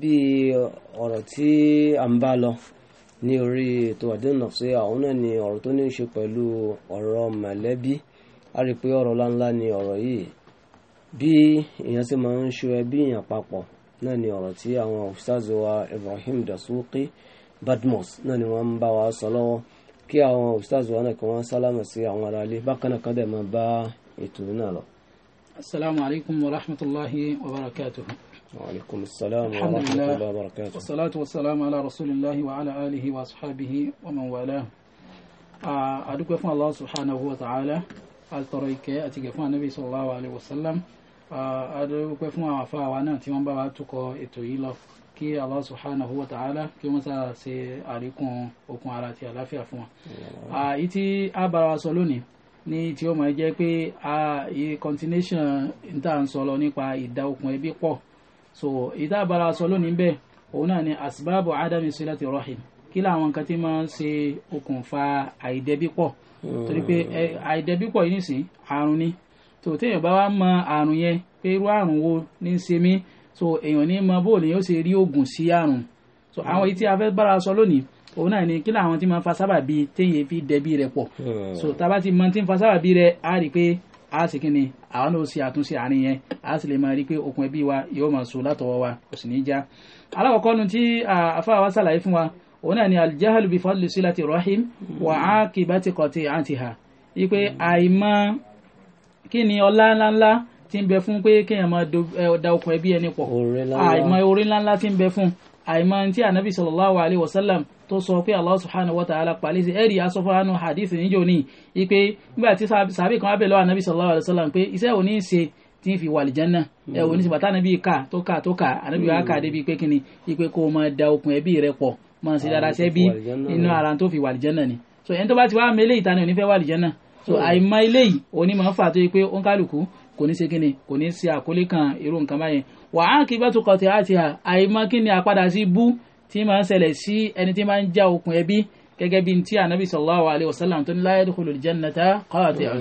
bí ọ̀rọ̀ tí a ń bá lọ ní orí ètò àdéhùnà sí àwọn náà ni ọ̀rọ̀ tó ní í ṣe pẹ̀lú ọ̀rọ̀ mọ̀lẹ́bí a rí i pé ọ̀rọ̀ láńlá ni ọ̀rọ̀ yìí bí èèyàn ṣe máa ń ṣo ẹbí èèyàn papọ̀ náà ni ọ̀rọ̀ tí àwọn ustaz wa Ibrahim Dasuki Badmus náà ni wọ́n ń bá wa sọ lọ́wọ́ kí àwọn ustaz wa náà kí wọ́n sálámà sí àwọn ará bákan náà kan dẹ̀ máa bá ètò náà lọ. asalaamualeykum wa rahmatulahi wa barakatuhu. وعليكم السلام ورحمة الله وبركاته والصلاة والسلام على رسول الله وعلى آله وأصحابه ومن والاه أدوك فن الله سبحانه وتعالى أتريك أتيك النبي صلى الله عليه وسلم أدوك فن عفا وانا تيمان بابا تكو إتويلو kí Allah subhanahu wa ta'ala kí wọ́n sáà ṣe àríkún okun ara àti àlàáfíà fún ní tí ó máa jẹ́ pé a continuation ń tà ń sọ lọ nípa ìdá okùn ẹbí pọ̀ so ìdá àbára sọ lónìí bẹ́ẹ̀ òun náà ni asibaabu adami silati rahim kí làwọn nǹkan tí máa ń ṣe okùnfà àìdẹ́bípọ̀ hmm. torí pé àìdẹ́bípọ̀ yìí nìsín àrùn ni tó téèyàn bá wá mọ àrùn yẹn pé irú àrùn wo ní í ṣe mí so èèyàn ní mọ bóòlù yóò ṣe rí oògùn sí àrùn so àwọn èyí tí a fẹ́ bára sọ lónìí òun náà ni kí làwọn tí máa fa sábàbí téèyàn fi dẹ̀bí rẹ̀ pọ̀ hmm. so tá a bá ti ń fa sábàbí rẹ̀ á rí i pé a sì kí ni àwọn náà ṣe àtúnṣe àárín yẹn a sì lè máa rí i pé okùn ẹbí wa yóò máa so látọwọ́ wa kò sì ní í já. alákọ̀ọ́kọ́ nu tí àfa wa ṣàlàyé fún wa òun náà ni aljahalu bi fadli silati rahim wa akibati kọti antiha ipe àìmọ̀ kí ni ọlá ńláńlá tí ń bẹ fún pé kéèyàn máa da okùn ẹbí ẹni pọ̀ àìmọ̀ orí ńláńlá tí ń bẹ fún àìmọ̀ tí anabi sallallahu alayhi wa sallam tó sọ pé Allah subhanahu wa ta'ala pàlẹ́sì ẹ̀rí asọ́fọ́nù hadith níjó ní ipe nígbà tí sàbí kan abẹ́ lọ́wọ́ anabi sallallahu alayhi wa sallam pé iṣẹ́ òní ń ṣe tí ń fi wà lìjánná ẹ òní sì bàtà anabi ká tó ká tó ká anabi wa ká débi pé kíni ipe kó o máa da okùn ẹbí rẹ pọ̀ máa ṣe ah, dára sẹ́bí inú ara tó fi wà lìjánná ni so ẹni tó bá ti wá mẹ́lẹ́ ìtàn òní fẹ́ wà lìjánná so hmm. àìmọ̀ eléyìí òní máa ń fà tó yẹ pé ó ń kálukú kò ní ṣe kíni kò ní ṣe àkólé kan irú nǹkan báyẹn wàá kí bá tó kọ̀ tí a ti hà àìmọ̀ kíni àpadà sí bú tí máa ń ṣẹlẹ̀ sí ẹni tí máa ń já okùn ẹbí gẹ́gẹ́ bí tí anabi sallallahu alayhi wa sallam tó ní la yadkhulul jannata qati'un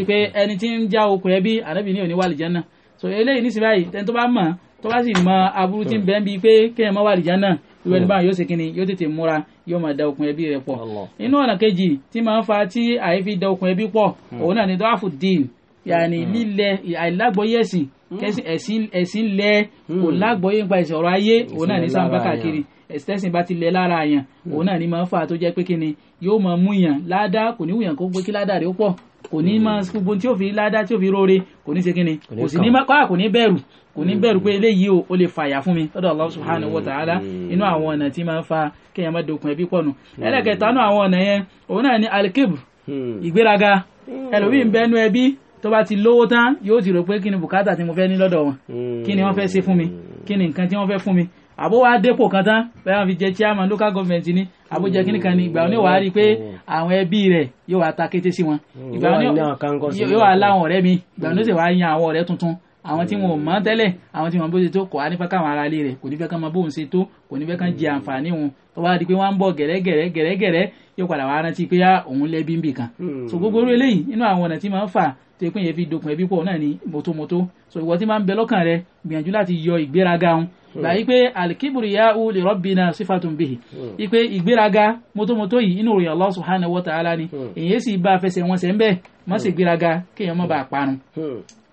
ipe ẹni tí ń já okùn ẹbí anabi ní òní wà lìjánná so eléyìí ní síbáyìí tẹ́ni tó bá mọ̀ tó bá sì mọ aburú tí ń bẹ́ẹ̀ bíi pé kéèyàn má wà lìjánná ìwé ẹni báyìí yóò ṣe kíni yóò tètè múra yóò máa da okùn ẹbí rẹ̀ pọ̀ inú ọ̀nà kejì tí máa ń fa tí àyífi da okùn ẹbí pọ̀ hmm. òun náà ni dọ́àfù dín yàní hmm. lílẹ̀ àìlágbọ́yé ẹ̀sìn hmm. ẹ̀sìn lẹ̀ kò lágbọ́yé nípa ìṣòro ayé òun náà ní sáà káàkiri ẹ̀sítẹ́sìn bá ti lẹ lára yàn hmm. òun náà ni máa ń fà tó jẹ́ pé kí ni yóò máa mú yàn ládàá kò ní wù yàn kó pé kí ládàá rẹ̀ ó pọ̀ kò ní hmm. máa gbogbo tí ó fi ládàá tí ó fi róore kò ní ṣe kí ni kò sì ní kọ́ kò ní bẹ̀rù kò ní hmm. bẹ̀rù pé eléyìí o ó lè fàyà fún mi lọ́dọ̀ Allah subhanahu wa ta'ala inú àwọn ọ̀nà tí máa ń fa kéèyàn má dokun ẹbí pọ̀ nù ẹlẹ́kẹ̀ta nú àwọn ọ̀nà yẹn òun náà ni alikibru ìgbéraga ẹlòmíì ń bẹ́nu ẹbí tó bá ti lówó tán yóò ti rò pé kí ni bùkátà tí mo fẹ́ ní lọ́dọ̀ wọn kí ni wọ́n fẹ́ ṣe fún mi kí ni nǹkan tí wọ́n fẹ́ fún mi àbó wàá dépò kan tán bẹ́ẹ̀ wọ́n fi jẹ chairman local government ni àbó jẹ kíní kan ni ìgbà oní wàá rí i pé àwọn ẹbí rẹ̀ yóò wá ta kété sí wọn hmm, ìgbà oní yóò wá láwọn ọ̀rẹ́ mi ìgbà oní sì wá yan àwọn ọ̀rẹ́ tuntun àwọn tí wọn ò mọ̀ tẹ́lẹ̀ àwọn tí wọn bó ṣe tó kọ̀ á nípa káwọn ará ilé rẹ̀ kò ní fẹ́ kán mọ bóun ṣe tó kò ní fẹ́ kán jẹ àǹfààní wọn tó wá di pé wọ́n ń bọ̀ gẹ̀rẹ́gẹ̀rẹ́ gẹ̀rẹ́gẹ̀rẹ́ yóò padà wá rántí pé ah, òun lẹ́bí ń bì kan. Hmm. so gbogbo orí eléyìí nínú àwọn ọ̀nà tí máa ń fà tó pé yẹn fi dokùn ẹbí pọ̀ náà ni mọ́tómọ́tó so ìwọ tí máa ń bẹ lọ́kàn rẹ gbìyànjú láti yọ ìgbéraga òun Hmm. gbà yí pé alikiburi ya u li rabbina sifatun bihi hmm. yí pé ìgbéraga mọ́tòmọ́tò yìí inú ròyìn Allah subhanahu wa ta'ala ni hmm. èyí sì bá fẹsẹ̀ wọn sẹ́ ń bẹ́ẹ̀ má sì gbéraga kéèyàn má bàa parun.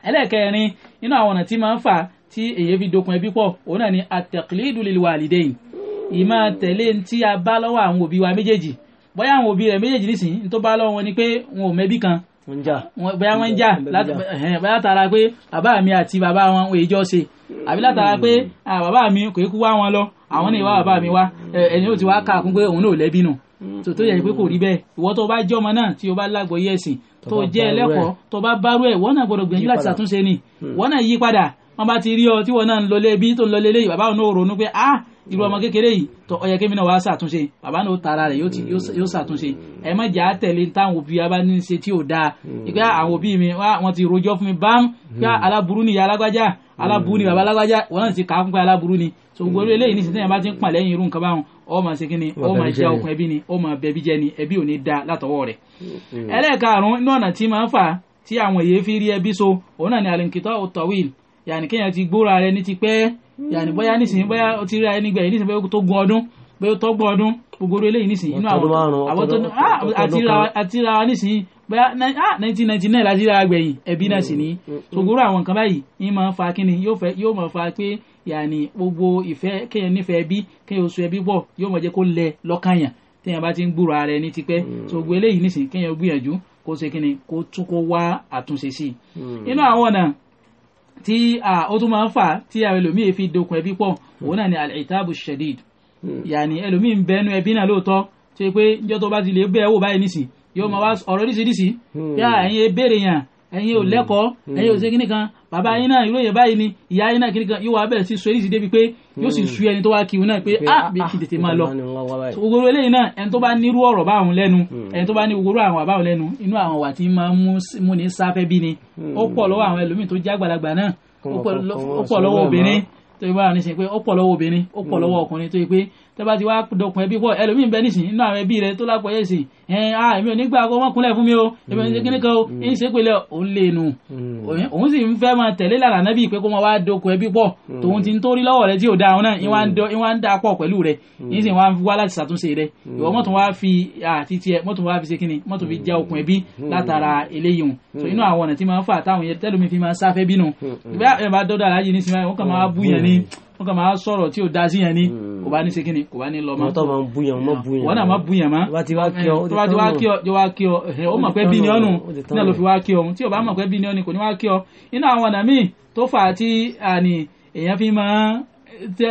ẹlẹ́ẹ̀kẹrin inú àwọn ọ̀nà tí máa ń fà tí èyí fi dokun ẹbí pọ̀ òun náà ni at-taqlidu lil walidayn ìmọ̀ tẹ̀lé a bá lọ́wọ́ àwọn òbí wa méjèèjì bóyá àwọn òbí rẹ̀ méjèèjì nísìnyí tó bá lọ́wọ́ wọn ni pé wọn ò mẹ́bí kan bóyá wọ́n ń jà bóyá tara pé bàbá mi àti bàbá wọn èjọ́ ṣe àbí látara pé ah, bàbá mi kò kú wá wọn lọ àwọn ní ìwà bàbá mi wá ẹni ó ti wá ká kún pé òun náà lẹ́bí nù tó yẹ pé kò rí bẹ́ẹ̀ ìwọ tó bá jẹ́ náà tí o bá lágbóyè ẹ̀sìn tó jẹ́ ẹlẹ́kọ̀ọ́ tó bá bárú ẹ̀ wọ́n náà gbọ́dọ̀ gbìyànjú láti ṣàtúnṣe ni hmm. wọ́n náà yí padà wọ́n bá ti rí ọ tí wọ́n náà ń lọ lébi tó ń lọ lélẹ́yìn bàbá òun náà ronú pé ah irú ọmọ hmm. kékeré yìí tó ọyẹ kémi náà wàá ṣàtúnṣe bàbá náà tara rẹ̀ hmm. yóò ṣàtúnṣe ẹ má jẹ́ àtẹ̀lé táwọn òbí wa bá ní ṣe tí ò dáa ìgbà ah, àwọn òbí mi wọ́n ti rojọ́ fún mi bámu kí ah, aláburú nìyá alágbájá aláburú ni hmm. bàbá alágbájá wọn náà ti kà á fún pé aláburú ni so gbogbo hmm. eléyìí nísìnyí tẹ́yìn bá ti ń pàn lẹ́yìn irú nǹkan báwọn ó máa ṣe kíni ó máa já okùn ẹbí ni ó máa bẹbí jẹ ni ẹbí ò ní da látọwọ́ rẹ̀. Hmm. ẹlẹ́ẹ̀karùn-ún inú ọ̀nà tí máa ń fà tí àwọn èèyàn fi rí ẹbí so òun náà ni àlìkìtọ́ òtọ̀wìl yàní kéèyàn ti gbóra rẹ ní ti pẹ́ yàní bóyá nísìnyí bóyá ó ti rí ayé nígbà yìí nísìnyí bóyá tó gun ọdún bóyá tó gbọ́ ọdún gbogbo eléyìí nísìnyí inú àwọn àti ah! ra nísìnyí bóyá ah, nineteen ninety nine lajira dára gbẹ̀yìn ẹbí náà sì ní ṣògbóró mm, mm, mm. àwọn nǹkan báyìí ní máa ń fa kíni yóò máa fa pé yàní gbogbo ìfẹ́ kéèyàn nífẹ̀ẹ́ ẹbí kéèyàn oṣù ẹbí bọ̀ yóò máa jẹ́ kó lẹ lọ́kànyàn téèyàn bá ti ń gbúrò ara ẹni tipẹ́ ṣògbó eléyìí nìsín kéèyàn gbìyànjú kó ṣe kíni kó tún kó wá àtúnṣe sí i inú àwọn ọ̀nà tí ó tún máa ń fà tí àwọn ẹlòmíì fi dokun ẹbí pọ̀ òun náà ni alitabu shadid yàní ẹlòmíì ń bẹnu ẹbí náà lóòótọ́ ṣe pé njọ́ tó bá ti lè bẹ́ẹ̀ wò báyìí nìsín yóò máa wá hmm. ọ̀rọ̀ oríṣiríṣi hmm. yá ẹ̀yin ebéèrè yàn ẹ̀yin ò hmm. lẹ́kọ̀ọ́ ẹ̀yin ò ṣe kíní kan bàbá yín náà irú èyàn báyìí ni ìyá yín náà kíní kan yóò wá bẹ̀rẹ̀ sí sọ èyí sì débi pé yóò sì sú ẹni tó wá kí i náà pé ah, ah bí ah, kí tètè máa lọ ògoro eléyìí náà ẹni tó bá nírú ọ̀rọ̀ báwọn lẹ́nu ẹni tó bá ní ògoro àwọn àbáwọn lẹ́nu inú àwọn wà tí máa mú ní sáfẹ́ bí ni ó pọ̀ lọ́wọ́ àwọn ẹlòmíì tó jẹ́ àgbàlagbà náà ó pọ̀ lọ́wọ́ obìnrin tó yẹ báwọn ní sìn pé ó pọ̀ lọ́wọ́ obìnrin ó pọ̀ lọ́wọ́ ọkùnrin tó yẹ pé tó bá ti wá dọkùn ẹbí pọ̀ ẹlòmíín bẹ nísìn inú àwọn ẹbí rẹ tó lápọ̀ yẹ sí ẹ à èmi ò ní gbà kó mọ́kúnlẹ̀ fún mi o èmi ò ní kíní kan o mm. ń ṣe pẹ̀lẹ́ òun lè nu mm. òun sì ń fẹ́ máa tẹ̀lé lànà nábì pé kó máa wá dọkùn ẹbí pọ̀ mm. tòun ti ń torí lọ́wọ́ rẹ tí ò dáa náà ìwà ń da pọ̀ pẹ̀lú rẹ ń sì wá wá láti ṣàtúnṣe rẹ ìwọ mọ́tún wá fi àti tiẹ̀ mọ́tún wá fi ṣe kíni mọ́tún fi ó kàn máa sọ̀rọ̀ tí ò da sí yẹn ni hmm. kò bá ní ṣe kíni kò bá ní lọ mọ́. wọ́n tó máa ń búyàn mọ́ búyàn. wọ́n náà máa búyàn mọ́. tó bá ti wá kí ọ tó bá ti wá kí ọ jọ wá kí ọ ó mọ̀ pé bí ni ọ́nù náà ló fi wá kí ọ tí ò bá mọ̀ pé bí ni ọ́nù kò ní wá kí ọ. inú àwọn ọ̀nà míì tó fà á tí àní èèyàn fi máa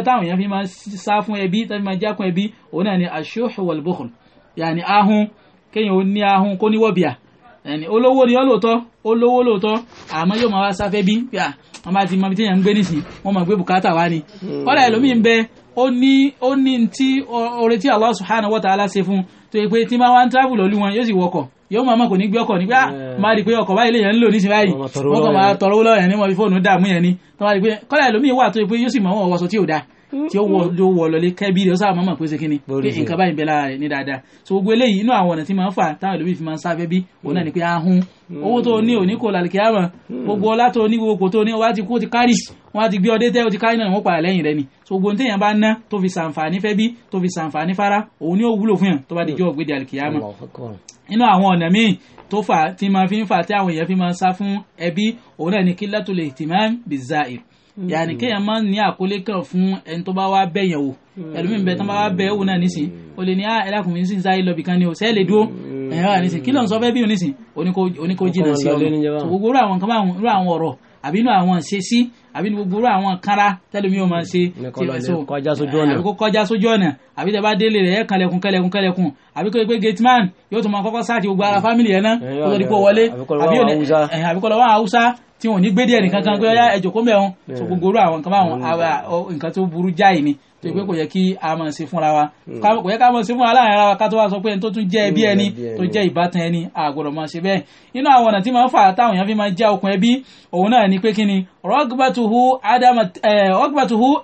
táwọn èèyàn fi máa sá fún ẹbí tàbí máa jákun ẹbí òun náà ni ash ẹni olówó ni ọlọ́tọ́ olówó lóòótọ́ àmọ́ yóò máa wá sáfẹ́ bí pé à wọ́n bá ti mọ ibi tí èèyàn ń gbé nìsín wọ́n máa gbé bùkátà wá ni hmm. kọ́lá ẹlòmíín bẹ ó ní ó ní ti oore tí Allah subhanahu wa ta'ala ṣe fún tó yẹ pé tí máa wá ń travel lọ́lú wọn yóò sì wọkọ̀ yóò máa kò ní gbé ọkọ̀ nígbà hmm. máa rí i pé ọkọ̀ báyìí lèèyàn ń lò nísìnyí báyìí wọ́n kàn máa tọrọ owó ni kọ́lá ẹlòmíín wà tó yẹ pé yóò sì mọ̀ wọ́n wọ́sọ Mm-hmm. tí ó wọ ló wọ lọlé kẹbí rẹ ó sábà mọ̀mọ́ pé ṣe kíni pé nǹkan báyìí bẹ lára rẹ ní dáadáa so gbogbo eléyìí inú àwọn ọ̀nà tí máa ń fà táwọn ìlú fi máa ń sáfẹ́ bí òun náà ni pé ahun mm-hmm. owó tó ní òní kò lálẹ́ kíámọ̀ mm-hmm. gbogbo ọlá tó ní gbogbo kò tó ní wá ti kú ó ti kárì wọ́n á ti gbé ọdẹ tẹ́ ó ti kárì náà wọ́n padà lẹ́yìn rẹ ni so gbogbo téèyàn bá ná tó fi sàǹfààní fẹ́ bí tó fi sàǹfààní fara òun ni ó wúlò fún yàn tó bá di jọ́ ògbédè àlìkìyàmọ̀ inú àwọn ọ̀nà míì tó fà tí máa fi ń fà tí àwọn èèyàn fi máa ń sá fún ẹbí òun náà ni kí látòlè tìmáà bìzáì Mm-hmm. yàní kéèyàn máa ní àkólé kan fún ẹni tó bá wá bẹ̀ yẹn wò mm-hmm. ẹlòmíín bẹ tán bá wá bẹ̀ ẹ̀ wò náà nísìn mm-hmm. o lè ní ah, ẹ dákun mi sì ń sáré lọ bìkan ni o sẹ́ẹ̀ lè dúró ẹ̀yàn wà nísìn kí ló ń sọ fẹ́ bí o nísìn oníkó jìnnà sí ọ gbogbo irú àwọn kan bá irú àwọn ọ̀rọ̀ àbínú àwọn ìṣesí àbínú gbogbo àwọn kanra tẹlifí o máa ṣe kọjá sójú ọ̀nà àbíkó kọjá sójú ọ̀nà àbí tẹ bá délé rẹ̀ ẹ̀ kanlẹ̀kùn kanlẹ̀kùn kanlẹ̀kùn àbí kò pé gate man yóò tún máa kọ́kọ́ sáàkì gbogbo ara mm. fámìlì yẹn náà kó tó di pé wọlé àbíkó lọ́wọ́ haúsá tí wọn ò ní gbé díẹ̀ nìkan kan pé ẹjọ́ kó mẹ́wọn tó gbogbo àwọn nǹkan mm. ni tó yẹ pé hmm. kò yẹ kí a máa ṣe fúnra wa hmm. kò yẹ ká máa ṣe fúnra láàrin ara wa ká tó wá sọ pé ẹni tó tún jẹ́ ẹbí hmm, ẹni tó jẹ́ ìbátan ẹni àgọ́dọ̀ máa ṣe bẹ́ẹ̀ nínú àwọn ọ̀nà tí máa ń fà táwọn èèyàn fi máa já okùn ẹbí òun náà ni pé kí ni rọ́gbàtúhù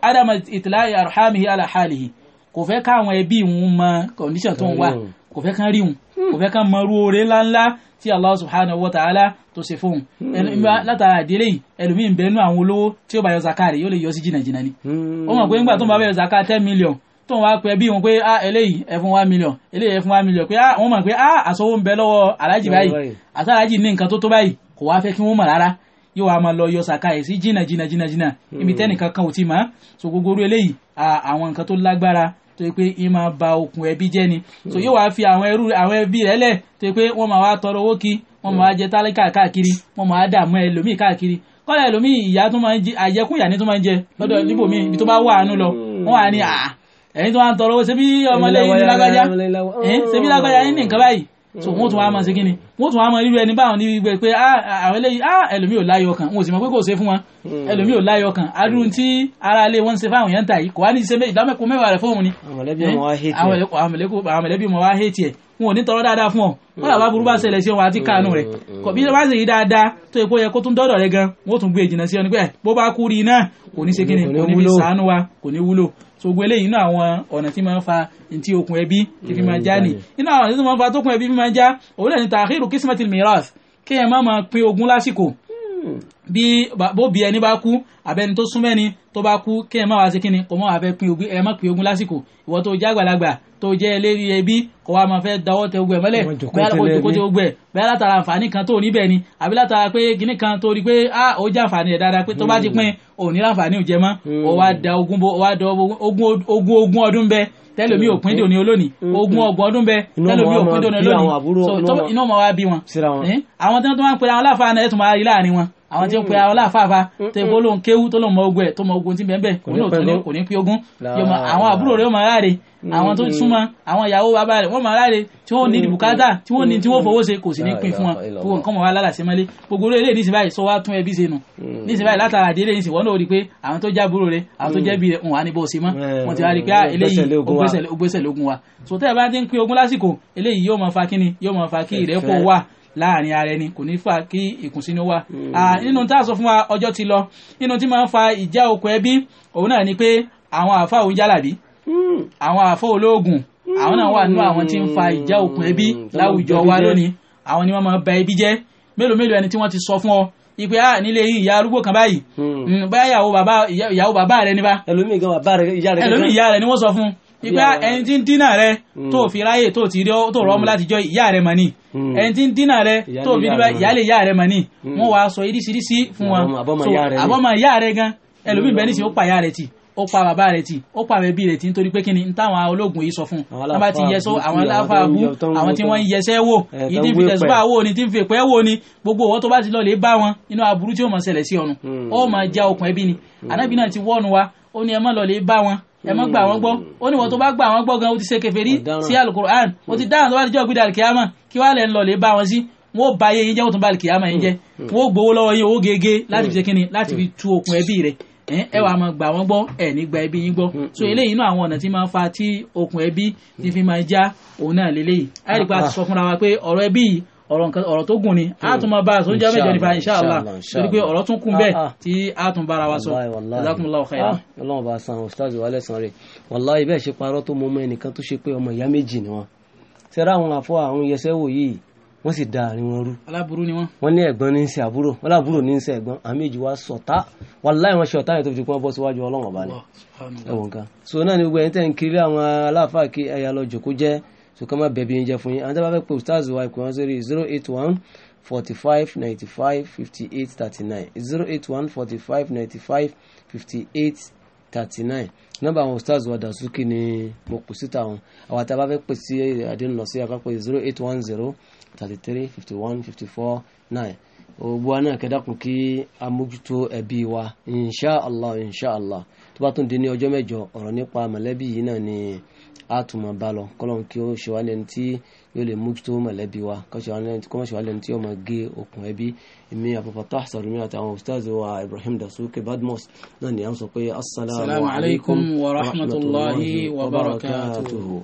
ádámà ìtìlá arhamihi alahalihi kò fẹ́ káwọn ẹbí òun mọ kọ̀ǹdíṣàn tó ń wà kò fẹ́ kán rí òun kò fẹ́ kán mọ irú oore ńláńlá tí allah subhanahu wa ta'ala tó ṣe fóun hmm. látara àdílé ẹlòmíín bẹnu àwọn olówó tí ó bá yọ zakari yóò lè yọ sí jìnnàjìnnà ni hmm. ó mọ̀ pé nígbà tó ń bá bẹ̀rẹ̀ zakari ten million tó ń wá pẹ́ bí wọn pé ah eléyìí ẹ fún wa mílíọ̀n eléyìí ẹ fún wa mílíọ̀n pé ah wọn mọ̀ pé ah àsọwọ́ ń bẹ lọ́wọ́ alájì báyìí àti alájì ní nǹkan tó tó báyìí kò wá fẹ́ kí wọ́n mọ̀ rárá yóò wá máa lọ yọ sàkà ẹ̀ sí jìnnà jìnnà hmm. so gbogbo orú eléyìí àwọn nǹkan tó tó yẹ pé ì máa ba okùn ẹbí jẹ́ ni so hmm. yóò wá fi àwọn ẹrú àwọn ẹbí rẹ̀ lẹ̀ tó yẹ pé wọ́n máa wá tọrọ owó kí wọ́n máa jẹ tálíkà káàkiri wọ́n máa dààmú ẹlòmíì káàkiri kọ́lá ẹlòmíì ìyá tó máa ń jẹ àjẹkùn ìyá ni tó máa ń jẹ lọ́dọ̀ níbòmíì ibi tó bá wà ánú lọ wọ́n wà ní à ah, ẹ̀yin tó máa ń tọrọ owó ṣebí ọmọlẹ́yìn lágbájá ṣebí lágbájá yín ní nǹkan báyìí so wọ́n tún wá máa ṣe kí ni wọ́n tún wá máa rírọ ẹni báwọn ní gbẹ pé ah, àwọn eléyìí ah ẹlòmí ò láyọ̀ kan wọn ò sì mọ̀ pé kò ṣe fún wọn hmm. ẹlòmí ò láyọ̀ kan adúrú tí ara ilé wọn ń ṣe fáwọn yẹn ń ta yìí kò wá ní ṣe ìdámẹ́kọ mẹ́wàá rẹ̀ fóun ni àwọn mọ̀lẹ́bí wọn wá hétì ẹ̀ wọn ò ní tọrọ dáadáa fún ọ wọn làbá burú bá hmm. ṣẹlẹ̀ sí ọ àti káànù rẹ̀ hmm. kò bí wá ṣe yí dáadáa tó epo yẹ kó tún dọ́dọ̀ rẹ̀ gan wọn ò tún gbé ìjìnà sí ọ ní pé bó bá kú rí iná kò ní ṣe kí ni kò ní fi sàánú wa kò ní wúlò so gbogbo eléyìí inú àwọn ọ̀nà tí máa ń fa ntí okùn ẹbí tí fi máa mm, já ni inú àwọn ọ̀nà tí máa ń fa tókùn ẹbí fi máa já òun náà ni tàhírù kismatil miras kéèyàn má máa pín ogún lásìkò hmm. bí bó bí ẹni bá kú àbẹ́ni tó súnmẹ́ni tó bá kú kí ẹ má wá sí kíni kò mọ́ wá fẹ́ pín ogún ẹ má pín ogún lásìkò ìwọ tó jẹ́ àgbàlagbà tó jẹ́ eléri ẹbí kò wá máa fẹ́ dáwọ́ tẹ ogun ẹ mọ́lẹ̀ bẹ́ẹ̀ kò jókòó tẹ ogun ẹ bẹ́ẹ̀ látara àǹfààní kan tó níbẹ̀ ni àbí látara pé kíní kan tó rí pé a ó jẹ́ àǹfààní ẹ̀ dáadáa pé tó bá ti pín òní láǹfààní ò jẹ mọ́ ó wá da ogún ogún ọdún bẹ́ẹ̀ tẹlomi òpin dòní olónìí mm-hmm. ogún ọgbọ̀n ọdún bẹ tẹlomi òpin dòní olónìí so inú ọmọ wa bí wọn eh? àwọn tí wọn tó máa ń pera wọn láfa náà ẹ tún máa rí láàrin wọn àwọn tí ó pe ọlá mm. àfààfà tó epo lóun kéwú tó lóun mọ ogun ẹ tó mọ ogun tí bẹ́ẹ̀ bẹ́ẹ̀ òun náà kò ní pín ogún àwọn àbúrò rẹ̀ ó máa ráre àwọn tó súnmọ́ àwọn ìyàwó bàbá rẹ̀ wọ́n máa ráre tí wọ́n ní bùkátà tí wọ́n ní tí wọ́n fowó ṣe kò sì ní pín fún wọn gbogbo nǹkan mọ̀ wá lálàsí mọ́lé gbogbo orí èlé nísìnyí báyìí sọ wá tún ẹbí ṣe nù mm. nísìnyí báyìí látara àdéhùn nísìnyí wọ́n náà rí i pé àwọn tó jábúrò rẹ̀ àwọn tó mm. jẹ́bi rẹ̀ ń wà níbo ṣe mọ́ wọ́n ti wá rí i pé ah, eléyìí ògbésẹ̀ lógún wa sòtẹ́ ẹ̀ bá ti ń pín ogún lásìkò eléyìí yóò máa fa kíni yóò máa fa kí ìrẹ́pọ̀ wà láàrin ara ẹni kò ní fa kí ìkùnsínú wà. Hmm. nínú tá a sọ fún wa ọjọ́ ti lọ nínú tí máa ń fa ìjà okùn ẹbí òun náà ni pé àwọn àáfàá òun jálàbí àwọn àáfàá olóògùn hmm. àwọn náà wà nínú àwọn tí ń fa ìjà okùn ẹbí hmm. láwùjọ wa lónìí àwọn ni wọ́n máa ba ẹbí jẹ́ mélòó mélòó ẹni tí wọ́n ti sọ fún ọ ìpè à nílé yìí ìyá arúgbó kan báyìí báyà ìyàwó bàbá rẹ ní bá ẹlòmíì ìyá rẹ ni wọ́n sọ fún ìgbà ah, ẹni tí ń dínà rẹ hmm. tó fi ráyè tó ti rí tó rọmú hmm. láti jọ ìyá rẹ mọ ni hmm. ẹni tí ń dínà rẹ tó fi rí ìyáálé ìyá rẹ mọ ni wọn wàá sọ irísirísi fún wọn àbọ̀mọ̀ ìyá rẹ gan ẹlòmíì bẹ́ẹ̀ nísìnyí ó pa ìyá rẹ tì ó pa bàbá rẹ tì ó pa àwọn rẹ tì nítorí pé kíni táwọn ológun yìí sọ fún un wọn bá ti yẹ sọ àwọn aláfàbù àwọn tí wọn yẹsẹ wò yìí fi tẹsíbà wò ni tí ń fi èpẹ wò ni gbogbo ọwọ tó bá ti lọ lè bá wọn inú aburú tí ó mọ ṣẹlẹ̀ sí ọnu ó mọ já okùn ẹbí ni ànábì náà ti wọnú wa ó ní ẹ má lọ lè bá wọn ẹ mọ́ gbà wọ́n gbọ́ ó ní wọ́n tó bá gbà wọ́n gbọ́ gan ó ti ṣe kèfèrí sí alukur'an ó ti dáhùn tó bá ti jẹ́ ògbìdà kìámà kí wàá lẹ̀ ń lọ lè bá wọn sí wọn ò bá yé yín jẹ́ wọ́n tún bá kìámà yín jẹ́ hmm. hmm. wọ́n ò gbowó lọ́wọ́ yín owó gègé hmm. láti fi ṣe kínni láti fi tu okùn ẹbí rẹ̀ ẹ wàá máa gbà wọ́n gbọ́ ẹ ní gba ẹbí yín gbọ́ so eléyìí inú àwọn ọ̀nà tí máa fa tí okùn ẹbí ti fi máa já òun náà lélẹ́yìí ọ̀rọ̀ tó gùn ni a tún máa bá a sọ jẹ́ mẹ́jọ nípa inṣàlá torí pé ọ̀rọ̀ tún kún bẹ́ẹ̀ ah, ah. tí a tún bára wa sọ jazakumullahu khairan. Ah, ọlọ́run bá san ustaz wàhálẹ̀ san rẹ̀ wàláhì bẹ́ẹ̀ ṣe parọ́ tó mọ ọmọ ẹnìkan tó ṣe pé ọmọ ìyá méjì ni wọn. sẹ́rà àwọn afọ àwọn yẹsẹ́ wò yìí wọ́n sì da àárín wọn rú. aláburú ni wọ́n. wọ́n ní ẹ̀gbọ́n ní í ṣe àbúrò wọ́n láàbúrò ní í ṣe ẹ̀gbọ́n àmì wa sọ̀tá wàláhì wọn ṣe ọ̀tá yẹn tó fi kún wọn bọ́ síwájú ọlọ́run ọ̀bá ni. ẹ̀wọ̀n kan so náà ni gbogbo ẹni tẹ́ ń kiri àwọn aláàfáà kí ẹ̀yà lọ jòkó jẹ́ so kọ́ máa bẹ̀bí oúnjẹ fún yín àwọn tó bá fẹ́ pé ustaz wa ìpè wọn sórí zero eight one forty five ninety five fifty eight thirty nine zero eight one forty five ninety five fifty eight thirty nine nọ́mbà àwọn ustaz wa Dasuki ni mo kù síta wọn àwọn tá a bá fẹ́ pè sí àdéhùn lọ sí àkápẹ́ zero eight one zero thirty three fifty one fifty four nine gbogbo wa náà kẹ́dàkùn kí a mójútó ẹbí wa inṣáàlá inṣáàlá tó bá tún di ní ọjọ́ mẹ́jọ ọ̀rọ̀ nípa mọ̀lẹ́bí yìí náà ni a tún máa bá lọ kọ́lọ́n kí ó ṣe wá lẹ́ni tí yóò lè mójútó mọ̀lẹ́bí wa kọ́mọ̀ ṣe wá lẹ́ni tí yóò máa gé okùn ẹbí èmi àpapàtà àṣàrùmí àti àwọn ustaz wa Ibrahim Dasuki Badmus náà ni a ń sọ pé assalamu alaikum wa rahmatulahi wa barakatuhu.